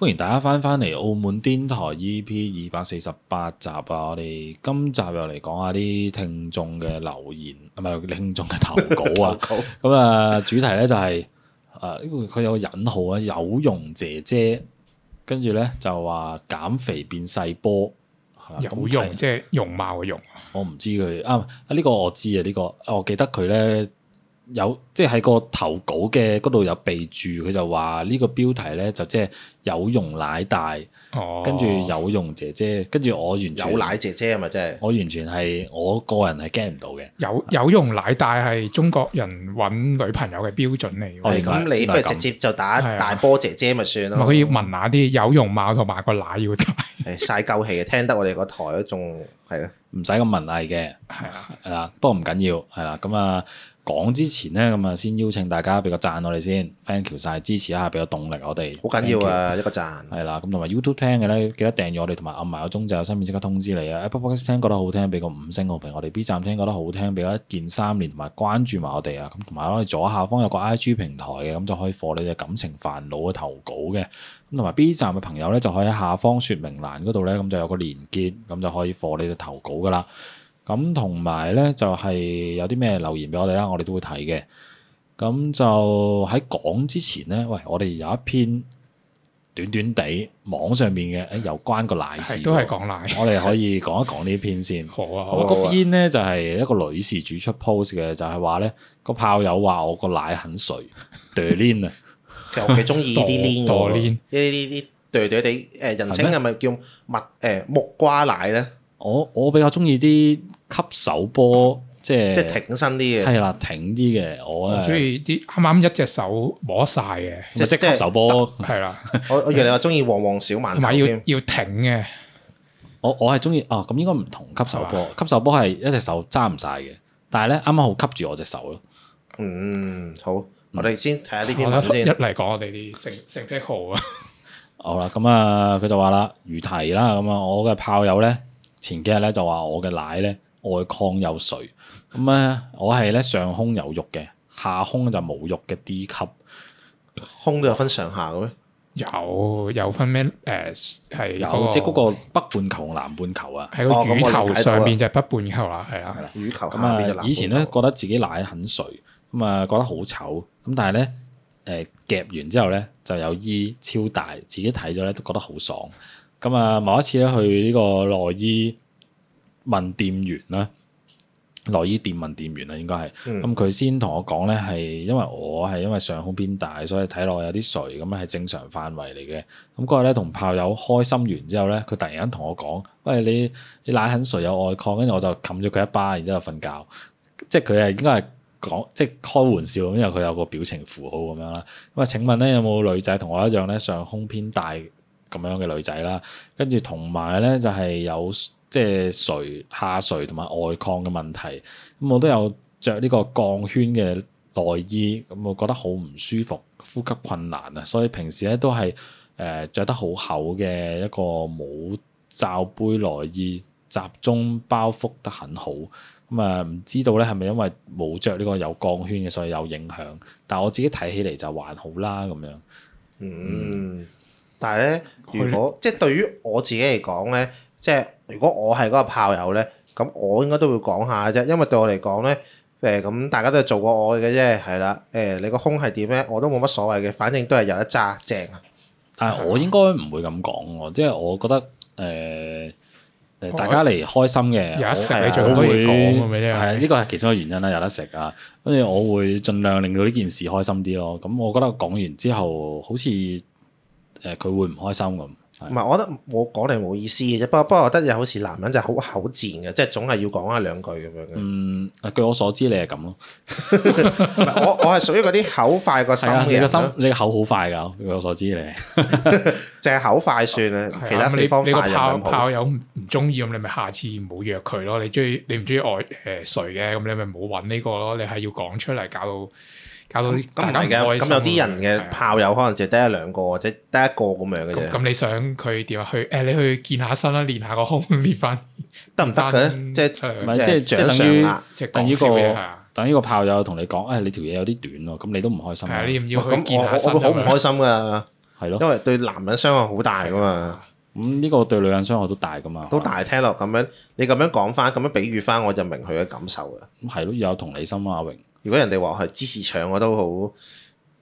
歡迎大家翻翻嚟澳門癲台 E.P. 二百四十八集啊！我哋今集又嚟講下啲聽眾嘅留言，唔係？聽眾嘅投稿啊！咁啊 稿，主題咧就係、是、誒，佢、呃、有個引號啊，有容姐姐，跟住咧就話減肥變細波，有用即係容貌嘅容，我唔知佢啊，呢、這個我知啊，呢、這個我記得佢咧。有即係喺個投稿嘅嗰度有備註，佢就話呢個標題咧就即係有容奶大，哦、跟住有容姐姐，跟住我完全有奶姐姐啊嘛，即係我完全係我個人係驚唔到嘅。有有容奶大係中國人揾女朋友嘅標準嚟，咁你不如直接就打大波姐姐咪算咯。佢、啊、要問下啲，有容貌同埋個奶要大。晒夠氣啊！聽得我哋嗰台仲。係啦，唔使咁文藝嘅，係啦，係啦，不過唔緊要，係啦。咁、嗯、啊，講之前咧，咁啊，先邀請大家俾個贊我哋先 Thank you 晒，支持一下，俾個動力我哋。好緊要啊，Thank you. 一個贊。係啦，咁同埋 YouTube 聽嘅咧，記得訂閱我哋，同埋按埋個鐘仔，有新片即刻通知你啊。Apple Podcast 聽覺得好聽，俾個五星好評。我哋 B 站聽覺得好聽，俾個一鍵三連同埋關注埋我哋啊。咁同埋我哋左下方有個 IG 平台嘅，咁就可以放你嘅感情煩惱嘅投稿嘅。同埋 B 站嘅朋友咧，就可以喺下方説明欄嗰度咧，咁就有個連結，咁就可以放你哋投稿噶啦。咁同埋咧，就係、是、有啲咩留言俾我哋啦，我哋都會睇嘅。咁就喺講之前咧，喂，我哋有一篇短短地網上面嘅，誒，有關個奶事，都係講奶。我哋可以講一講呢篇先。 好啊，好啊。個篇咧就係一個女事主出 post 嘅，就係話咧，個炮友話我個奶很水。啊。 尤其中意呢啲黏呢啲呢啲多多哋，誒， 這些這些人稱係咪叫木誒嗎木瓜奶咧？我我比較中意啲吸手波，即係即係挺身啲嘅，係啦，挺啲嘅。我中意啲啱啱一隻手摸晒嘅，即係、就是、吸手波，係啦。我原來我越嚟越中意旺旺小饅頭 要，要挺嘅，我我係中意哦。咁、啊、應該唔同吸手波，吧吸手波係一隻手揸唔晒嘅，但係咧啱啱好吸住我隻手咯。嗯，好。我哋先睇下呢邊先一，一嚟講我哋啲成成 p a 啊。好啦，咁、嗯、啊，佢就話啦，如題啦，咁、嗯、啊，我嘅炮友咧，前幾日咧就話我嘅奶咧外擴又垂，咁、嗯、咧、嗯、我係咧上胸有肉嘅，下胸就冇肉嘅 D 級，胸都 有分上下嘅咩？有分、呃那個、有分咩？誒，係有即係嗰個北半球同南半球啊。喺個乳球上邊就係北半球啦，係啦，乳球咁啊、嗯嗯。以前咧覺得自己奶很垂。咁啊，覺得好醜咁，但係咧，誒、呃、夾完之後咧就有衣超大，自己睇咗咧都覺得好爽。咁啊，某一次咧去呢個內衣問店員啦，內衣店問店員啊，應該係咁。佢、嗯嗯、先同我講咧，係因為我係因為上胸偏大，所以睇落有啲垂咁，係正常範圍嚟嘅。咁嗰日咧，同炮友開心完之後咧，佢突然間同我講：喂，你你奶很垂有外擴。跟住我就冚咗佢一巴，然之後瞓覺。即係佢係應該係。講即係開玩笑，因為佢有個表情符號咁樣啦。咁啊，請問咧有冇女仔同我一樣咧上胸偏大咁樣嘅女仔啦？跟住同埋咧就係有即係垂下垂同埋外擴嘅問題。咁我都有着呢個鋼圈嘅內衣，咁我覺得好唔舒服，呼吸困難啊！所以平時咧都係誒著得好厚嘅一個冇罩杯內衣，集中包覆得很好。咁啊，唔知道咧，係咪因為冇着呢個有鋼圈嘅，所以有影響？但我自己睇起嚟就還好啦，咁樣，嗯。嗯，但係咧，如果，即係對於我自己嚟講咧，即係如果我係嗰個炮友咧，咁我應該都會講下啫。因為對我嚟講咧，誒、呃、咁大家都係做過愛嘅啫，係啦。誒、呃，你個胸係點咧？我都冇乜所謂嘅，反正都係有得揸，正啊！但係我應該唔會咁講喎，即係我覺得誒。呃大家嚟開心嘅，有得食你最好會講，係啊，呢個係其中一個原因啦，有得食啊。跟住我會盡量令到呢件事開心啲咯。咁我覺得我講完之後，好似誒佢會唔開心咁。唔係，我覺得我講嚟冇意思嘅啫。不過不過，我覺得又好似男人就係好口賤嘅，即係總係要講一兩句咁樣嘅。嗯，據我所知，你係咁咯。我我係屬於嗰啲口快個心嘅，啊。你個心，你個口好快㗎。據我所知，你淨係 口快算啊。其他地方你，你個炮炮友唔中意咁，你咪下次唔好約佢咯。你中意、呃這個，你唔中意愛誒誰嘅咁，你咪唔好揾呢個咯。你係要講出嚟，搞到。搞到啲咁唔係嘅，咁有啲人嘅炮友可能淨係得一兩個或者得一個咁樣嘅啫。咁你想佢點啊？去誒，你去健下身啦，練下個胸，練翻得唔得嘅？即係唔係即係等於等於個等於個炮友同你講誒，你條嘢有啲短咯，咁你都唔開心嘅。你唔要去健下身，我會好唔開心噶。係咯，因為對男人傷害好大噶嘛。咁呢個對女人傷害都大噶嘛。都大，聽落咁樣，你咁樣講翻，咁樣比喻翻，我就明佢嘅感受啦。咁係咯，要有同理心啊，阿榮。如果人哋話係芝士腸，我都好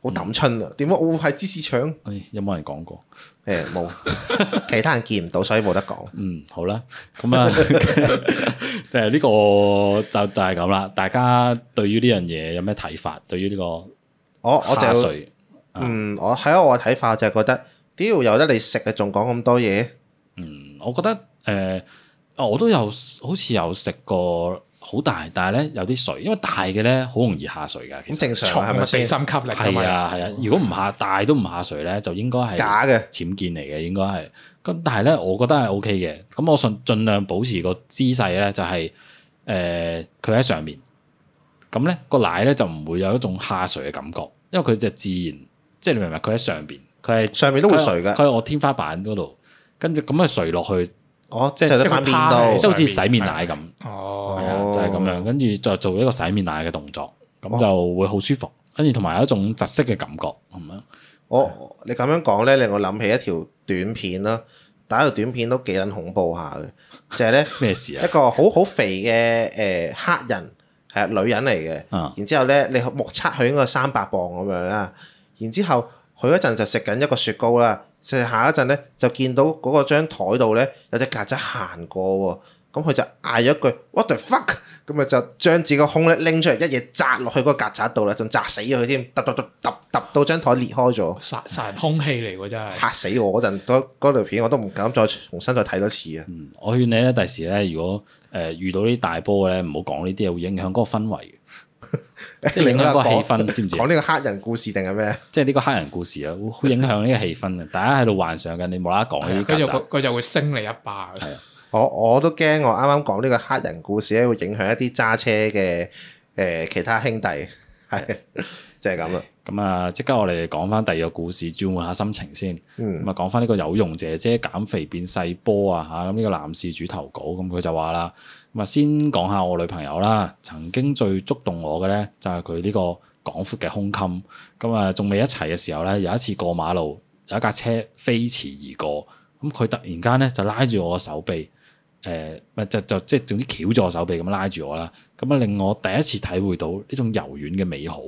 好抌春啊！點解、嗯、我會係芝士腸、哎？有冇人講過？誒、欸，冇， 其他人見唔到所以冇得講。嗯，好啦，咁啊，誒，呢個就就係咁啦。大家對於呢樣嘢有咩睇法？對於呢個我我就嗯，我喺我嘅睇法就係覺得，屌 有得你食啊，仲講咁多嘢？嗯，我覺得誒、呃，我都有好似有食過。好大，但係咧有啲水，因為大嘅咧好容易下垂噶。正常、啊，係咪地心吸力？係啊係啊，的的如果唔下的大都唔下垂咧，就應該係假嘅僭建嚟嘅，應該係。咁但係咧，我覺得係 O K 嘅。咁我盡盡量保持個姿勢咧、就是，就係誒佢喺上面。咁咧個奶咧就唔會有一種下垂嘅感覺，因為佢就自然，即係你明唔明？佢喺上邊，佢係上面都會垂噶，佢係我天花板嗰度，跟住咁去垂落去。哦，即係即係塊面度，即係好似洗面奶咁。哦，係啊，就係、是、咁樣，跟住再做一個洗面奶嘅動作，咁、oh. 就會好舒服。跟住同埋有一種窒息嘅感覺，係咪啊？我你咁樣講咧，令我諗起一條短片啦，打個短片都幾撚恐怖下嘅，就係咧咩事啊？一個好好肥嘅誒黑人係啊，女人嚟嘅，然之後咧你目測佢應該三百磅咁樣啦，然之後佢嗰陣就食緊一個雪糕啦。下一陣咧，就見到嗰個張台度咧有隻曱甴行過喎，咁佢就嗌咗句 What the fuck？咁咪就將自己空咧拎出嚟，一嘢砸落去嗰個曱甴度啦，仲砸死咗佢添，揼揼揼揼揼到張台裂開咗。殺殺人兇器嚟喎，真係是嚇死我嗰陣，嗰條片我都唔敢再重新再睇多次啊、嗯！我勸你咧，第時咧如果誒遇到呢啲大波咧，唔好講呢啲嘢，會影響嗰個氛圍 即係影響個氣氛，知唔知啊？講呢個黑人故事定係咩？即係呢個黑人故事啊，會影響呢個氣氛啊！ 大家喺度幻想緊，你冇啦啦講呢啲，佢就佢會升你一巴嘅 。我都我都驚，我啱啱講呢個黑人故事咧，會影響一啲揸車嘅誒其他兄弟，係就係咁啦。咁啊！即刻我哋講翻第二個故事，轉換下心情先。咁啊、嗯，講翻呢個有用姐姐減肥變細波啊！吓咁呢個男事主投稿，咁、嗯、佢就話啦。咁啊，先講下我女朋友啦。曾經最觸動我嘅咧，就係佢呢個廣闊嘅胸襟。咁、嗯、啊，仲未一齊嘅時候咧，有一次過馬路，有一架車飛馳而過，咁、嗯、佢突然間咧就拉住我嘅手臂，誒、呃，咪就就即係總之翹住我手臂咁拉住我啦。咁、嗯、啊，令我第一次體會到呢種柔軟嘅美好。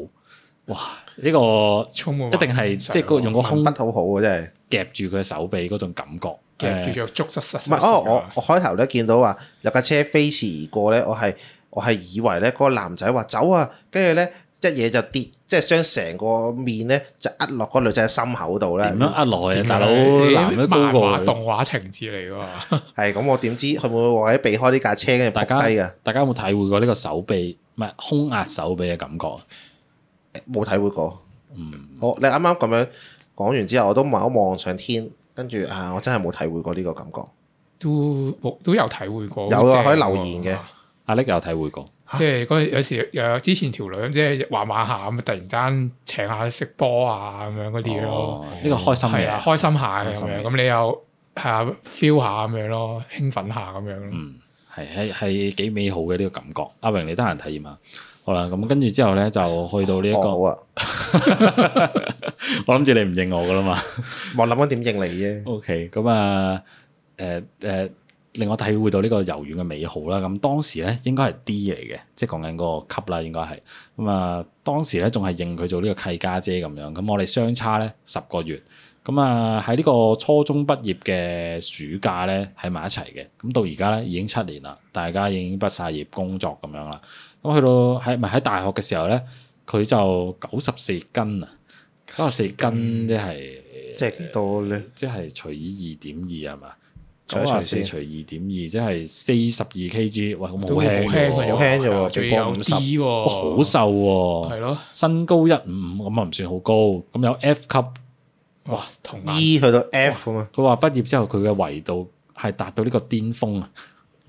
哇！呢、這個一定係即係個用個胸骨好好嘅，真係夾住佢嘅手臂嗰種感覺，夾住著是捉得實。唔係，我我我開頭咧見到話有架車飛馳而過咧，我係我係以為咧嗰、那個男仔話走啊，跟住咧一嘢就跌，即係將成個面咧就壓落嗰女仔心口度咧。點啊？壓落啊！大佬哥，欸、漫畫動畫情節嚟㗎嘛？係咁， 我點知佢會唔會為咗避開呢架車跟住跌低啊？大家有冇體會過呢個手臂唔係胸壓手臂嘅感覺？冇體會過，嗯，好，你啱啱咁樣講完之後，我都望一望上天，跟住啊，我真係冇體會過呢個感覺。都都有體會過？有啊，可以留言嘅。阿力有體會過，即係嗰陣有時有之前條女，即係玩玩下咁，突然間請下食波啊咁樣嗰啲咯，呢個開心嘅，開心下咁樣。咁你又係啊 feel 下咁樣咯，興奮下咁樣。嗯，係係係幾美好嘅呢個感覺。阿榮，你得閒體驗下。咁跟住之後咧，就去到呢、這、一個，我諗住、啊、 你唔認我噶啦嘛，我諗緊點認你啫。O K，咁啊，誒、呃、誒、呃，令我體會到呢個柔軟嘅美好啦。咁當時咧應該係 D 嚟嘅，即係講緊個級啦，應該係。咁啊，當時咧仲係認佢做呢個契家姐咁樣。咁我哋相差咧十個月。咁啊，喺呢個初中畢業嘅暑假咧喺埋一齊嘅。咁到而家咧已經七年啦，大家已經畢晒業、工作咁樣啦。咁去到喺咪喺大學嘅時候咧，佢就九十四斤啊！九十四斤即係即係多咧，即係除以二點二係嘛？九十四除二點二即係四十二 kg。哇，好輕喎，最有資喎，好瘦喎。咯，身高一五五咁啊，唔算好高。咁有 F 級哇，同 E 去到 F 啊！佢話畢業之後佢嘅維度係達到呢個巔峰。啊！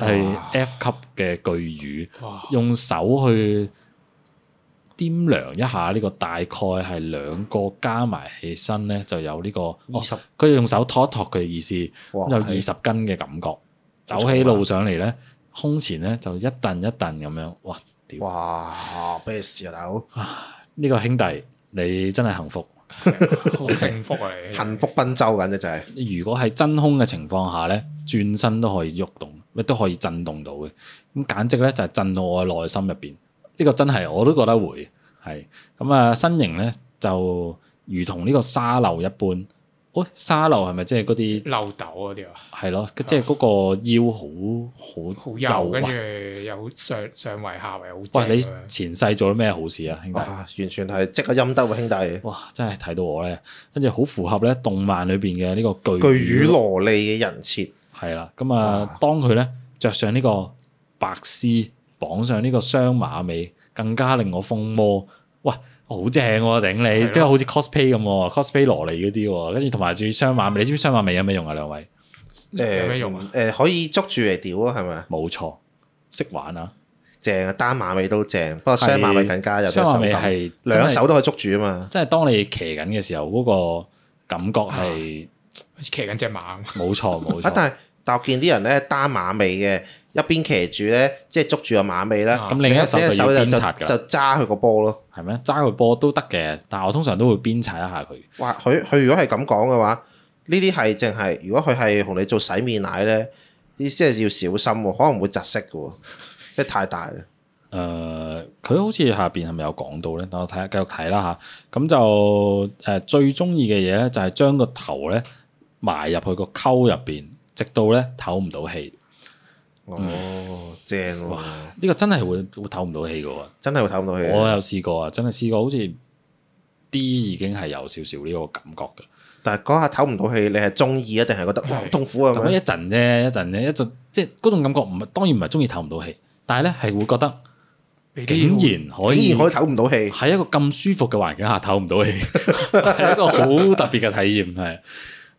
係 F 級嘅巨乳，用手去掂量一下呢、這個大概係兩個加埋起身咧，就有呢、這個二十。佢、哦、用手托托佢意思，哇有二十斤嘅感覺。的走起路上嚟咧，胸、啊、前咧就一蹬一蹬咁樣，哇！哇咩事啊大佬！呢 個兄弟你真係幸福， 幸福啊！幸福濱州咁啫，就係、是。如果係真空嘅情況下咧，轉身都可以喐動，動。咩都可以震動到嘅，咁簡直咧就係震到我嘅內心入邊，呢、這個真係我都覺得會係。咁啊、嗯、身形咧就如同呢個沙漏一般，喂、哦、沙漏係咪即係嗰啲漏斗嗰啲、就是、啊？係咯，即係嗰個腰好好，好幼，跟住又好上上圍下圍好。哇！你前世做咗咩好事啊，兄弟？完全係即刻陰德喎，兄弟！哇！真係睇到我咧，跟住好符合咧動漫裏邊嘅呢個巨乳巨乳蘿莉嘅人設。係啦，咁啊，當佢咧着上呢個白絲，綁上呢個雙馬尾，更加令我瘋魔。哇，好正喎，頂你，即係的好似 cosplay 咁的，cosplay 蘿莉嗰啲，跟住同埋仲有雙馬尾。你知唔知雙馬尾有咩用啊？兩位？誒、呃，有咩用啊？誒、呃，可以捉住嚟屌啊，係咪？冇錯，識玩啊，正啊，單馬尾都正，不過雙馬尾更加有隻手。雙馬尾係兩手都可以捉住啊嘛。即係當你騎緊嘅時候，嗰、那個感覺係騎緊隻馬。冇錯冇錯，錯錯 但係。但我見啲人咧單馬尾嘅，一邊騎住咧，即係捉住個馬尾啦。咁、啊、另一隻手就揸佢個波咯，係咩？揸佢波都得嘅，但我通常都會鞭擦一下佢。哇！佢佢如果係咁講嘅話，呢啲係淨係如果佢係同你做洗面奶咧，意思係要小心喎，可能會窒息嘅，因為太大啦。誒、呃，佢好似下邊係咪有講到咧？等我睇下，繼續睇啦吓，咁就誒、呃、最中意嘅嘢咧，就係將個頭咧埋入去個溝入邊。直到咧唞唔到氣，哦，嗯、正、啊，呢、呢個真係會會唞唔到氣噶喎，真係會唞唔到氣。我有試過啊，真係試過，好似啲已經係有少少呢個感覺噶。但係嗰下唞唔到氣，你係中意啊，定係覺得哇好痛苦啊？咁一陣啫，一陣啫，一陣即係嗰種感覺，唔係當然唔係中意唞唔到氣，但係咧係會覺得竟然可以，可以唞唔到氣，喺一個咁舒服嘅環境下唞唔到氣，係 一個好特別嘅體驗係。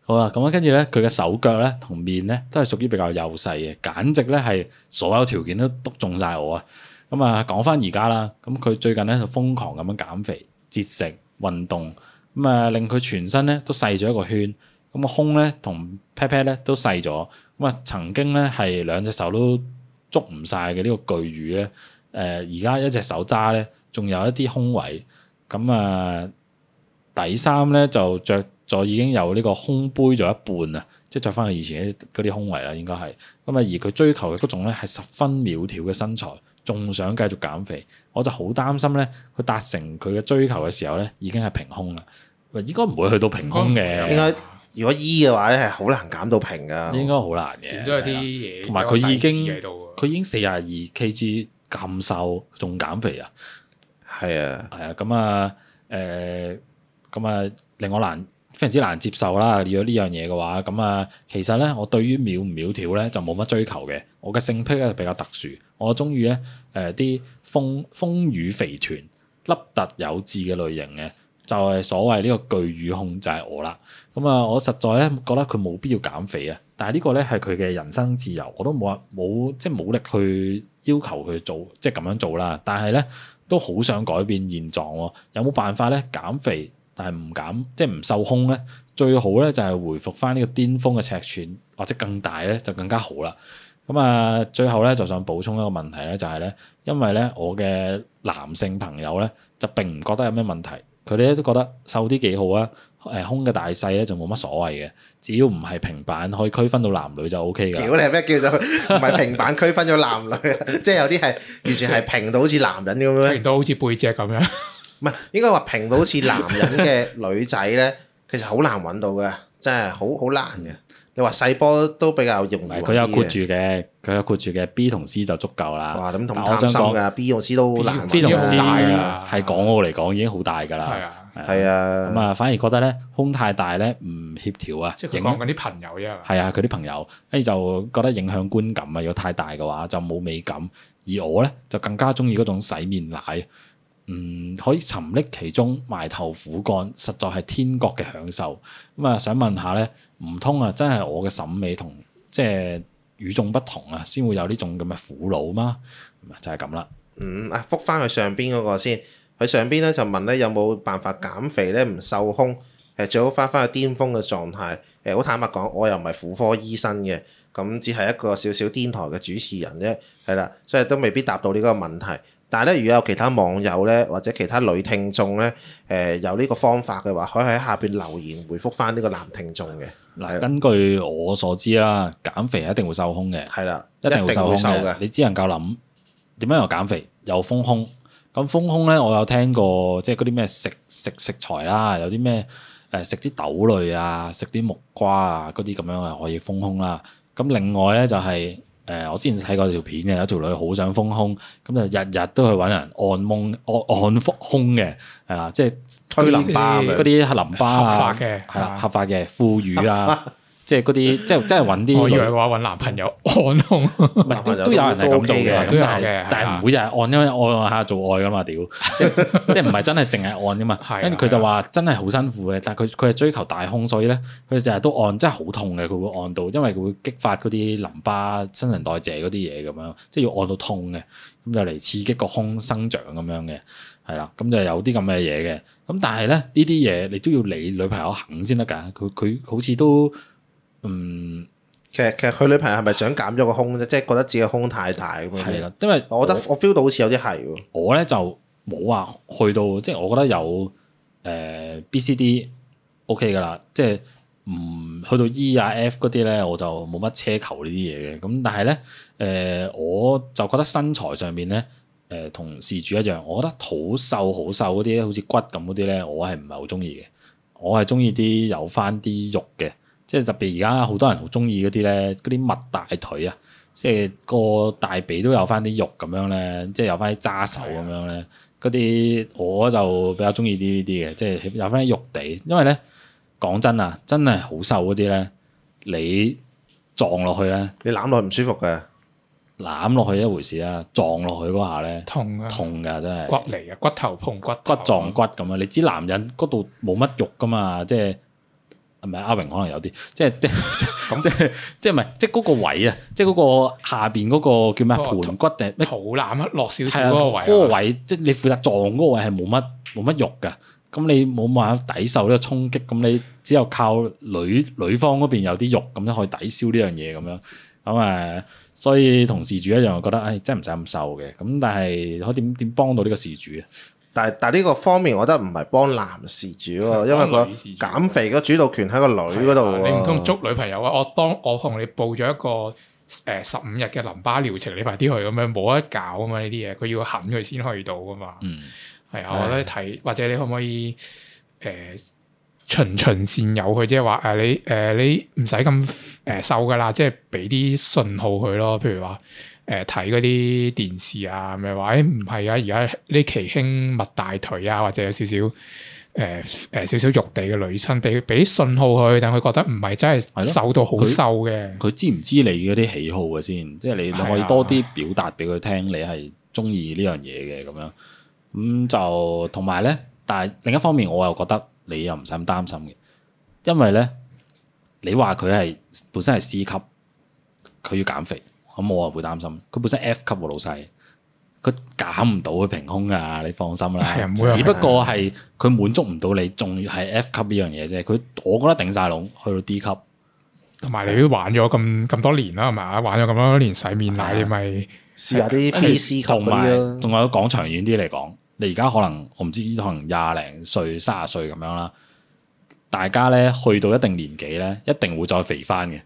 好啦，咁啊，跟住咧，佢嘅手腳咧同面咧都係屬於比較幼細嘅，簡直咧係所有條件都督中晒我啊！咁、嗯、啊，講翻而家啦，咁、嗯、佢最近咧就瘋狂咁樣減肥、節食、運動，咁、嗯、啊令佢全身咧都細咗一個圈，咁、嗯、啊，胸咧同 pat pat 咧都細咗，咁、嗯、啊曾經咧係兩隻手都捉唔晒嘅呢個巨魚咧，誒而家一隻手揸咧仲有一啲胸圍，咁、嗯、啊、呃、底衫咧就着。就已經有呢個胸杯咗一半啊，即係着翻去以前嗰啲胸圍啦，應該係咁啊。而佢追求嘅嗰種咧係十分苗條嘅身材，仲想繼續減肥，我就好擔心咧，佢達成佢嘅追求嘅時候咧，已經係平胸啦。喂，應該唔會去到平胸嘅。應該如果醫嘅話咧，係好難減到平啊。應該好難嘅。都有啲嘢。同埋佢已經佢已經四十二 kg 咁瘦，仲減肥啊？係啊，係啊。咁啊，誒，咁啊不 Knight，令我難，非常之難接受啦！如果呢樣嘢嘅話，咁啊，其實咧，我對於苗唔苗條咧就冇乜追求嘅。我嘅性癖咧比較特殊，我中意咧誒啲豐豐乳肥臀凹凸有致嘅類型嘅，就係、是、所謂呢個巨乳控就係我啦。咁啊，我實在咧覺得佢冇必要減肥啊。但係呢個咧係佢嘅人生自由，我都冇話冇即係冇力去要求佢做即係咁樣做啦。但係咧都好想改變現狀，有冇辦法咧減肥？但係唔敢，即係唔受胸咧，最好咧就係回復翻呢個巔峰嘅尺寸或者更大咧就更加好啦。咁啊，最後咧就想補充一個問題咧，就係、是、咧，因為咧我嘅男性朋友咧就並唔覺得有咩問題，佢哋咧都覺得瘦啲幾好啊。誒，胸嘅大細咧就冇乜所謂嘅，只要唔係平板，可以區分到男女就 O K 噶。屌你，咩叫做唔係平板區分咗男女？即係有啲係完全係平到好似男人咁樣，平到好似背脊咁樣。 唔係應該話平到好似男人嘅女仔咧， 其實好難揾到嘅，真係好好難嘅。你話細波都比較容易揾啲嘅。佢有括住嘅，佢有括住嘅 B 同 C 就足夠啦。哇！咁同我講，想講 B 同 C 都難，B 同和 C 大啊，係港澳嚟講已經好大㗎啦。係啊，係啊。咁啊，反而覺得咧胸太大咧唔協調啊，即係影響嗰啲朋友啫嘛。係啊，佢啲朋友跟住就覺得影響觀感啊，如果太大嘅話就冇美感。而我咧就更加中意嗰種洗面奶。嗯，可以沉溺其中，埋頭苦幹，實在係天國嘅享受。咁、嗯、啊，想問下咧，唔通啊，真係我嘅審美同即係與眾不同啊，先會有呢種咁嘅苦惱嗎？就係咁啦。嗯，啊復翻去上邊嗰個先，佢上邊咧就問咧有冇辦法減肥咧唔瘦胸，誒最好翻翻去巔峰嘅狀態。誒、呃、好坦白講，我又唔係婦科醫生嘅，咁只係一個少少電台嘅主持人啫，係啦，所以都未必答到呢個問題。但係咧，如果有其他網友咧，或者其他女聽眾咧，誒有呢個方法嘅話，可以喺下邊留言回覆翻呢個男聽眾嘅。嗱，根據我所知啦，減肥一定會瘦胸嘅，係啦，一定會瘦胸嘅。你只能夠諗點樣又減肥又豐胸。咁豐胸咧，我有聽過，即係嗰啲咩食食食材啦，有啲咩誒食啲豆類啊，食啲木瓜啊，嗰啲咁樣係可以豐胸啦。咁另外咧就係。誒，我之前睇過條片嘅，有條女好想豐胸，咁就日日都去揾人按夢按按豐胸嘅，係啦，即係推淋巴嗰啲淋巴法、啊、嘅，係啦，合法嘅的的富裕啊。 即係嗰啲，即係真係搵啲，我以為話搵男朋友按胸， 都有人係咁做嘅，但係唔會就係按，因為按下做愛噶嘛，屌，即係唔係真係淨係按噶嘛，跟住佢就話真係好辛苦嘅，但係佢佢係追求大胸，所以咧佢就日日都按，真係好痛嘅，佢會按到，因為佢會激發嗰啲淋巴、新陳代謝嗰啲嘢咁樣，即係要按到痛嘅，咁就嚟刺激個胸生長咁樣嘅，係啦，咁就有啲咁嘅嘢嘅，咁但係咧呢啲嘢你都要你女朋友肯先得噶，佢佢好似都。嗯，其實其實佢女朋友係咪想減咗個胸啫？即、就、係、是、覺得自己胸太大咁樣。係啦，因為我，我覺得我 feel 到好似有啲係喎。我咧就冇話，去到即係我覺得有誒、呃、BCD OK 噶啦，即係唔去到 E 啊 F 嗰啲咧，我就冇乜奢求呢啲嘢嘅。咁但係咧，誒我就覺得身材上面咧，誒、呃、同事主一樣，我覺得好瘦好瘦嗰啲，好似骨咁嗰啲咧，我係唔係好中意嘅。我係中意啲有翻啲肉嘅。即係特別而家好多人好中意嗰啲咧，嗰啲蜜大腿啊，即係個大髀都有翻啲肉咁樣咧，即係有翻啲揸手咁樣咧，嗰啲的我就比較中意啲呢啲嘅，即係有翻啲肉地，因為咧講真啊，真係好瘦嗰啲咧，你撞落去咧，你攬落去唔舒服嘅，攬落去一回事啦，撞落去嗰下咧痛啊痛㗎真係骨嚟啊，骨頭碰骨頭碰骨撞骨咁啊，你知男人嗰度冇乜肉㗎嘛，即係。係咪阿榮可能有啲，即係樣即係即係即係唔係即係嗰個位啊，即係嗰個下邊嗰個叫咩盆骨定肚腩啊，落少少嗰個位，即係你負責撞嗰個位係冇乜冇乜肉嘅，咁你冇冇辦法抵受呢個衝擊，咁你只有靠女女方嗰邊有啲肉咁樣去以抵消呢樣嘢咁樣，咁、嗯、啊，所以同事主一樣我覺得，唉、哎，真係唔使咁瘦嘅，咁但係可點點幫到呢個事主啊？但係，但係呢個方面，我覺得唔係幫男事主喎、啊，主啊、因為個減肥個主導權喺個女嗰度、啊啊。你唔通捉女朋友啊？我當我同你報咗一個誒十五日嘅淋巴療程，你快啲去咁樣冇得搞啊嘛！呢啲嘢佢要狠佢先去到啊嘛。嗯，係啊，我覺得睇、啊、或者你可唔可以誒、呃、循循善誘佢、就是呃呃呃呃，即係話誒你誒你唔使咁誒瘦噶啦，即係俾啲信號佢咯，譬如話。誒睇嗰啲電視啊，咪話誒唔係啊！而家呢期興擘大腿啊，或者有少少誒誒、呃、少少肉地嘅女生，俾俾啲信號佢，但佢覺得唔係真係瘦到好瘦嘅。佢知唔知你嗰啲喜好嘅先？即係你，你可以多啲表達俾佢聽你，你係中意呢樣嘢嘅咁樣。咁、嗯、就同埋咧，但係另一方面，我又覺得你又唔使咁擔心嘅，因為咧你話佢係本身係 C 級，佢要減肥。咁我啊會擔心，佢本身 F 級喎，老細，佢減唔到佢平空啊，你放心啦。哎、呀唔會。只不過係佢滿足唔到你，仲要係 F 級呢樣嘢啫。佢我覺得頂晒籠去到 D 級。同埋你都玩咗咁咁多年啦，係咪啊？玩咗咁多年洗面奶，的你咪試一下啲 B、C 級嗰啲咯。仲的有，有講長遠啲嚟講，你而家可能我唔知可能廿零歲、三十歲咁樣啦。大家咧去到一定年紀咧，一定會再肥翻嘅。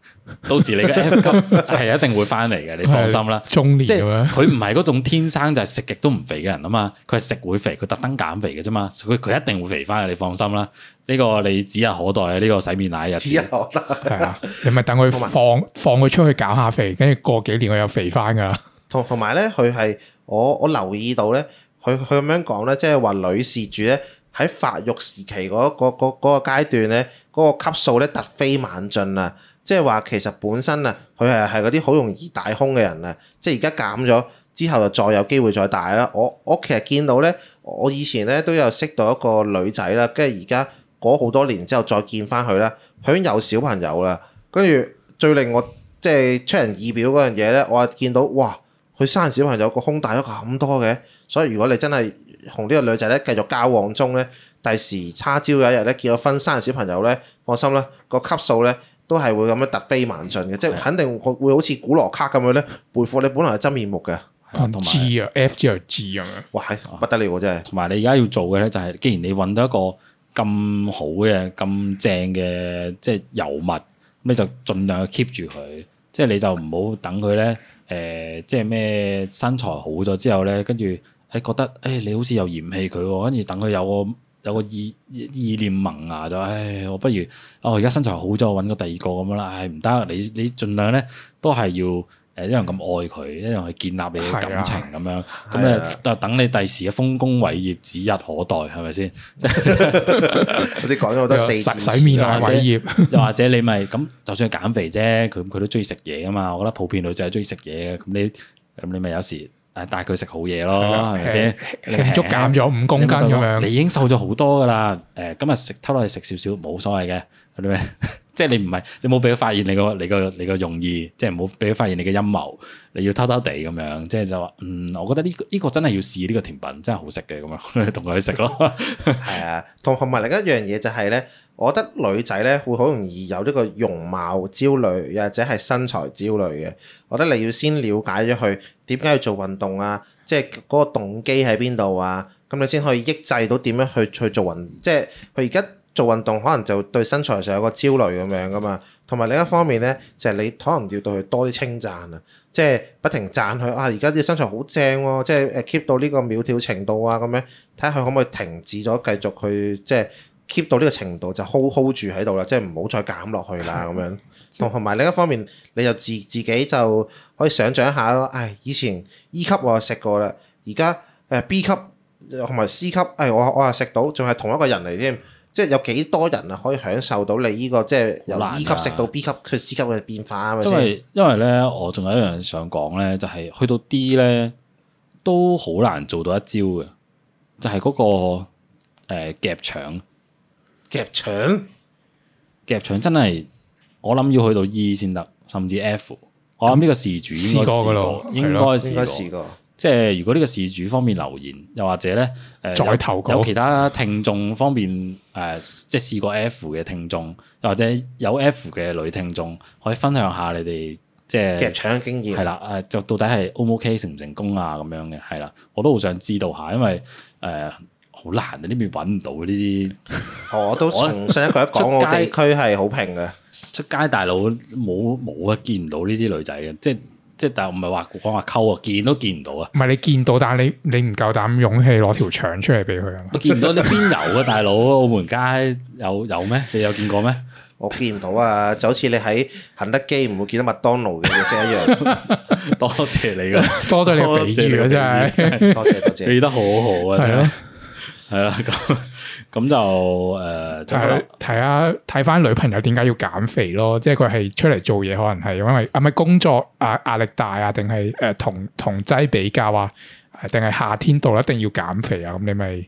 到時你嘅 F 級係一定會翻嚟嘅，你放心啦。中年即係佢唔係嗰種天生就係食極都唔肥嘅人啊嘛，佢係食會肥，佢特登減肥嘅啫嘛。佢佢一定會肥翻嘅，你放心啦。呢個你指日可待啊！呢、呢個洗面奶日子係 啊，你咪等佢放 放佢出去搞下肥，跟住過幾年佢又肥翻噶啦。同同埋咧，佢係我我留意到咧，佢佢咁樣講咧，即係話女事主咧。喺發育時期嗰個、嗰個、嗰個階段咧，嗰、嗰個級數咧突飛猛進啊！即係話其實本身啊，佢係係嗰啲好容易大胸嘅人啊，即係而家減咗之後，就再有機會再大啦。我我其實見到咧，我以前咧都有識到一個女仔啦，跟住而家過好多年之後再見翻佢啦，佢已經有小朋友啦，跟住最令我即係出人意表嗰樣嘢咧，我見到哇，佢生小朋友個胸大咗咁多嘅，所以如果你真係，同呢個女仔咧繼續交往中咧，第時叉招有一日咧結咗婚生埋小朋友咧，放心啦，個級數咧都係會咁樣突飛猛進嘅，的即係肯定會好似古羅卡咁樣咧，背負你本來係真面目嘅，同埋、啊、G, G 啊，F 就 G 咁哇，不得了真係！同埋你而家要做嘅咧就係、是，既然你揾到一個咁好嘅、咁正嘅，即係尤物，你就盡量去 keep 住佢，即係你就唔好等佢咧，誒、呃，即係咩身材好咗之後咧，跟住。係覺得誒、哎，你好似又嫌棄佢，跟住等佢有個有個意意念萌芽就，唉、哎，我不如，我而家身材好咗，我揾個第二個咁啦，唉、哎，唔得，你你盡量咧都係要誒一、呃、樣咁愛佢，一樣去建立你嘅感情咁、啊、樣，咁啊你就等你第時嘅豐功偉業指日可待，係咪先？我先講咗好多四洗面啊，偉業，又或者你咪咁，就算減肥啫，佢佢都中意食嘢噶嘛，我覺得普遍女仔係中意食嘢嘅，咁你咁你咪有時。誒帶佢食好嘢咯，係咪先？足減咗五公斤咁樣，你，說嗯、你已經瘦咗好多噶啦。誒，今日食偷落去食少少，冇所謂嘅。嗰啲咩？ 即係你唔係你冇俾佢發現你個你個你個用意，即係冇俾佢發現你嘅陰謀。你要偷偷地咁樣，即係就話，嗯，我覺得呢、呢個呢、呢個真係要試呢、呢個甜品，真係好食嘅咁樣，同佢去食咯。係啊，同同埋另一樣嘢就係咧。我覺得女仔咧會好容易有呢個容貌焦慮，又或者係身材焦慮嘅。我覺得你要先了解咗佢點解要做運動啊，即係嗰個動機喺邊度啊，咁你先可以抑制到點樣去去做運。即係佢而家做運動可能就對身材上有個焦慮咁樣噶嘛。同埋另一方面咧，就係你可能要對佢多啲稱讚啊，即係不停讚佢啊。而家啲身材好正喎，即係誒 keep 到呢個苗條程度啊咁樣，睇下佢可唔可以停止咗繼續去即係。keep 到呢個程度就 hold hold 住喺度啦，即係唔好再減落去啦咁樣。同同埋另一方面，你就自自己就可以想像一下咯。唉、哎，以前 E 級我又食過啦，而家誒 B 級同埋 C 級，唉、哎，我我又食到，仲係同一個人嚟添，即係有幾多人啊可以享受到你呢、這個即係由 E 級食到 B 級去 C 級嘅變化啊因，因為因為咧，我仲有一樣想講咧，就係、是、去到 D 咧都好難做到一招嘅，就係、是、嗰、那個誒、呃、夾腸。夾腸，夾腸真係我諗要去到 E 先得，甚至 F。那我諗呢個事主試過噶咯，應該應該試過。即係如果呢個事主方面留言，又或者咧，再投稿、呃、有其他聽眾方面誒、呃，即係試過 F 嘅聽眾，又或者有 F 嘅女聽眾，可以分享下你哋即係夾腸嘅經驗。係啦，誒，就到底係 O 唔 OK 成唔成功啊？咁樣嘅係啦，我都好想知道下，因為誒。呃呃好難啊！呢邊揾唔到呢啲，我都信上一個一講，我地區係好平嘅。出街大佬冇冇啊，見唔到呢啲女仔嘅，即係即係，但係唔係話講話溝啊，見都見唔到啊。唔係你見到，到，見到，啊，但係你你唔夠膽勇氣攞條腸出嚟俾佢啊。我見唔到你邊有啊，大佬澳門街有有咩？你有見過咩？我見唔到啊，就好似你喺肯德基唔會見到麥當勞嘅嘢食一樣。多謝你啊，多謝你比喻啊，真係多謝多謝、really，記、claro、得好好啊。係啦，咁咁 就誒，睇睇下睇翻女朋友點解要減肥咯，即係佢係出嚟做嘢，可能係因為係，咪工作壓壓力大啊，定係誒同同儕比較啊，定係夏天到一定要減肥啊？咁你咪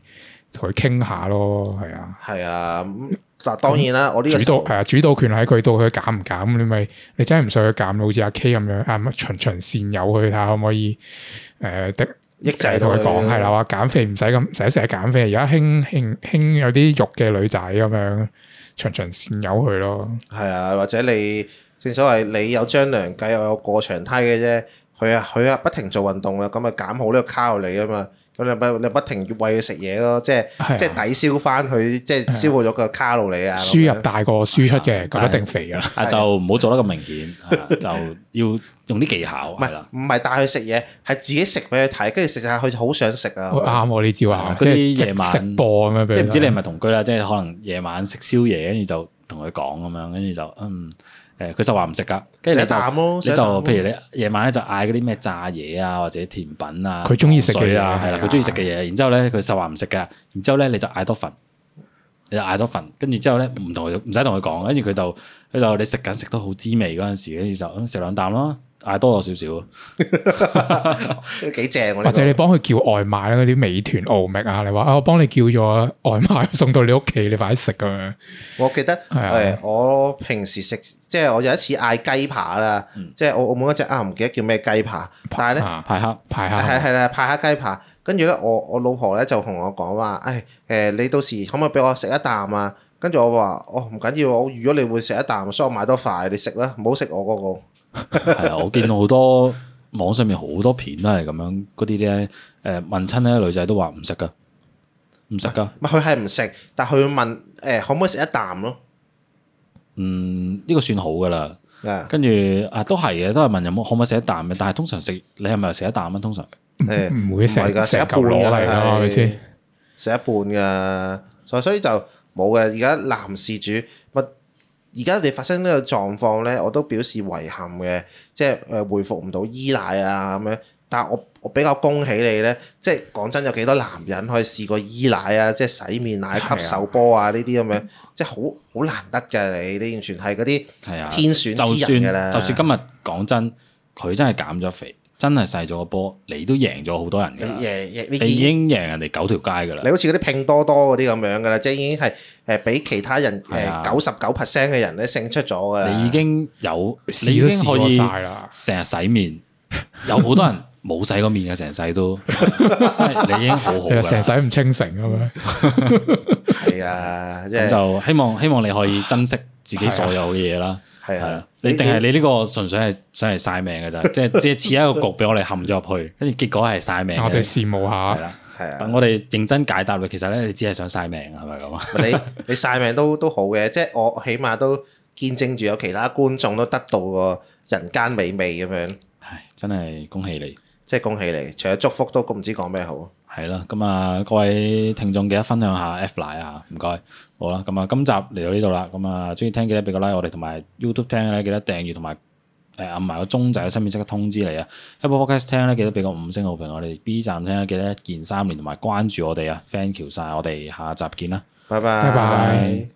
同佢傾下咯，係啊，係啊，咁嗱，當然啦，那我呢個係啊，主導權喺佢度，佢減唔減，你咪你真係唔想去減，好似阿 K 咁樣，啊咪循循善誘去睇下，看看可唔可以誒的？呃抑制同佢講係啦，話減肥唔使咁，成日成日減肥，而家興興興有啲肉嘅女仔咁樣長長線走佢咯。係啊，或者你正所謂你有張良計，我有過牆梯嘅啫。佢啊佢啊不停做運動啦，咁咪減好呢個卡路里啊嘛。咁你你不停要餵佢食嘢咯，即係即係抵消翻佢即係消耗咗個卡路里啊，輸入大過輸出嘅，咁一定肥噶啦。就唔好做得咁明顯，就要用啲技巧。唔係唔係，帶佢食嘢，係自己食俾佢睇，跟住食食下佢就好想食啊！啱我呢招啊！即係食播咁樣，即唔知你係咪同居啦？即係可能夜晚食宵夜，跟住就同佢講咁樣，跟住就嗯。誒佢實話唔食噶，食一啖咯。你就譬如你夜晚咧就嗌嗰啲咩炸嘢啊，或者甜品啊，佢中意食佢啊，係啦、啊，佢中意食嘅嘢。然之後咧佢實話唔食噶，然之後咧你就嗌多份，你就嗌多份，跟住之後咧唔同唔使同佢講，跟住佢就佢就，就你食緊食得好滋味嗰陣時跟住就食兩啖咯。嗌多咗少少，都 幾正。或者你幫佢叫外賣嗰啲美團、澳覓啊，你話啊，我幫你叫咗外賣送到你屋企，你快啲食咁樣。我記得誒是、啊哎，我平時食即係我有一次嗌雞扒啦，即係我澳門嗰隻啊，唔記得叫咩雞扒，但係咧排黑排黑係係啦，排黑雞、哎、扒。跟住咧，我我老婆咧就同我講話，誒、哎、誒，你到時可唔可以俾我食一啖啊？跟住我話，哦唔緊要，我預咗你會食一啖，所以我買多塊你食啦，唔好食我嗰、那個。係啊，我見到好多網上面好多片都係咁樣，嗰啲咧誒問親咧女仔都話唔食噶唔食噶。佢係唔食，但佢問誒可唔可以食一啖咯？嗯，呢個算好噶啦。啊，跟住啊都係嘅，都係問有冇可唔可以食一啖嘅。但係通常食你係咪食一啖啊？通常係唔會食噶，食一半攞嚟噶係咪先？食一半噶，所所以就冇嘅。而家男事主乜？而家你發生呢個狀況呢，我都表示遺憾嘅，即係誒、呃、回復唔到依奶啊咁樣。但係我我比較恭喜你呢，即係講真，有幾多男人可以試過依奶啊，即係洗面奶、啊、吸手波啊呢啲咁樣，啊嗯、即係好好難得嘅你，你完全係嗰啲天選之人㗎啦、啊。就算就算今日講真，佢真係減咗肥。真係細咗個波，你都贏咗好多人嘅。你已經贏人哋九條街噶啦。你好似嗰啲拼多多嗰啲咁樣噶啦，即係已經係誒比其他人誒九十九 percent 嘅人咧勝出咗噶啦。你已經有，你已經可以成日洗面，試試 有好多人冇洗過面嘅成世都， 你已經好好啦。成世唔清醒咁樣，係 啊，即係就希望希望你可以珍惜自己所有嘅嘢啦。係啊，的你定係你呢個純粹係想嚟晒命嘅咋？ 即係即係似一個局俾我哋陷咗入去，跟住結果係晒命。我哋羨慕下，係啊。我哋認真解答啦，其實咧你只係想晒命，係咪咁啊？你你晒命都都好嘅，即係我起碼都見證住有其他觀眾都得到個人間美味咁樣。 唉，真係恭喜你，即係恭喜你，除咗祝福都唔知講咩好。係啦，咁啊各位聽眾記得分享下 Fline 啊，唔該，好啦，咁啊今集嚟到呢度啦，咁啊中意聽記得俾個 like，我哋同埋 YouTube 聽咧記得訂閱同埋誒撳埋個鐘仔，嘅新片即刻通知你啊，Apple Podcast 聽咧記得俾個五星好評，我哋 B 站聽咧記得一鍵三連同埋關注我哋啊，thank you 晒，我哋下集見啦，拜拜拜拜。Bye bye